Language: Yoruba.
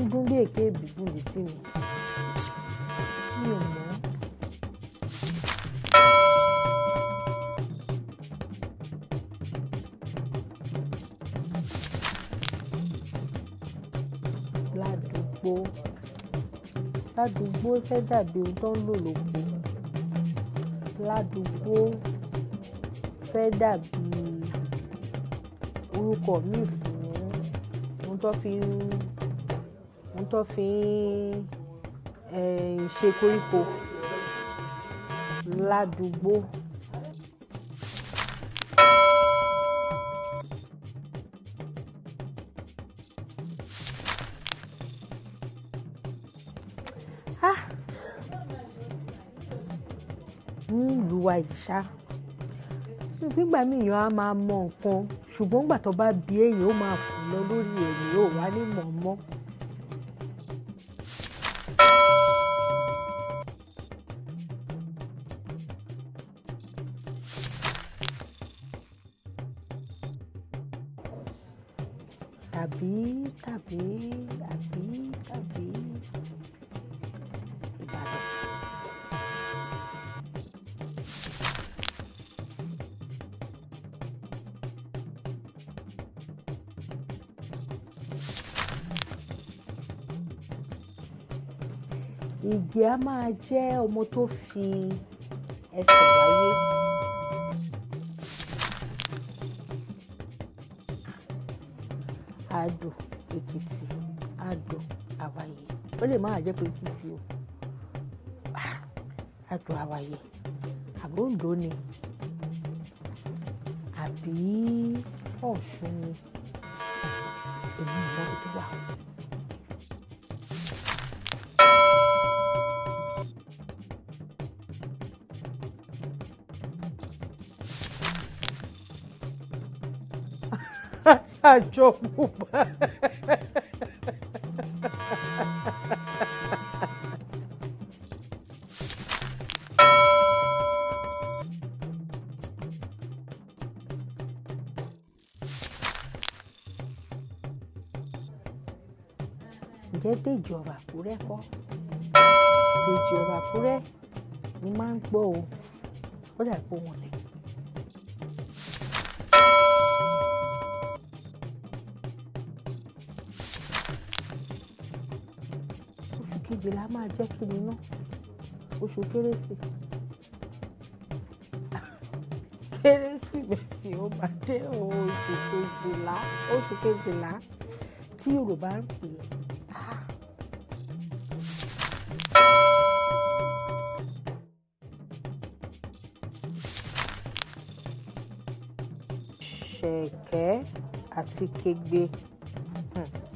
ń dún bí èké ìbùkún létí mi mi ò mọ̀. ládùúgbò ládùúgbò fẹ́ dàbí ohun tó ń lò lóko ládùúgbò fẹ́ dàbí orúkọ míì fún ohun tó fi ń ohun tó fi ń ṣe koríko ládùúgbò. nílùú wa ìṣá nígbà míì èèyàn á máa mọ nǹkan ṣùgbọ́n nígbà tó bá bí èèyàn ó máa fò lọ lórí ẹ̀mí ó wà ní mọ̀ọ́mọ́. tàbí tàbí àbí tàbí Ìbàdàn. Ìgè á máa jẹ́ ọmọ tó fi ẹsẹ̀ wáyé. àdó èkìtì àdó àwàyè ó lè má jẹ́ pé èkìtì o àdó ah, àwàyè àbí Oǹdó ni àbí Ọ̀ṣun ni èmi ìlọ́wọ́ tó wà. Sancho Pupa. ǹjẹ́ déjọba àkúrẹ́ kọ́ déjọba àkúrẹ́ ni máa ń gbọ́ o ó dàbí pé wọn lè kejìlá máa jẹ́ kíni náà oṣù kérésì kérésìmesì ó máa dé oṣù kejìlá oṣù kejìlá tí yorùbá ń pè é. ṣẹ̀kẹ́ àti kegbe. Hmm.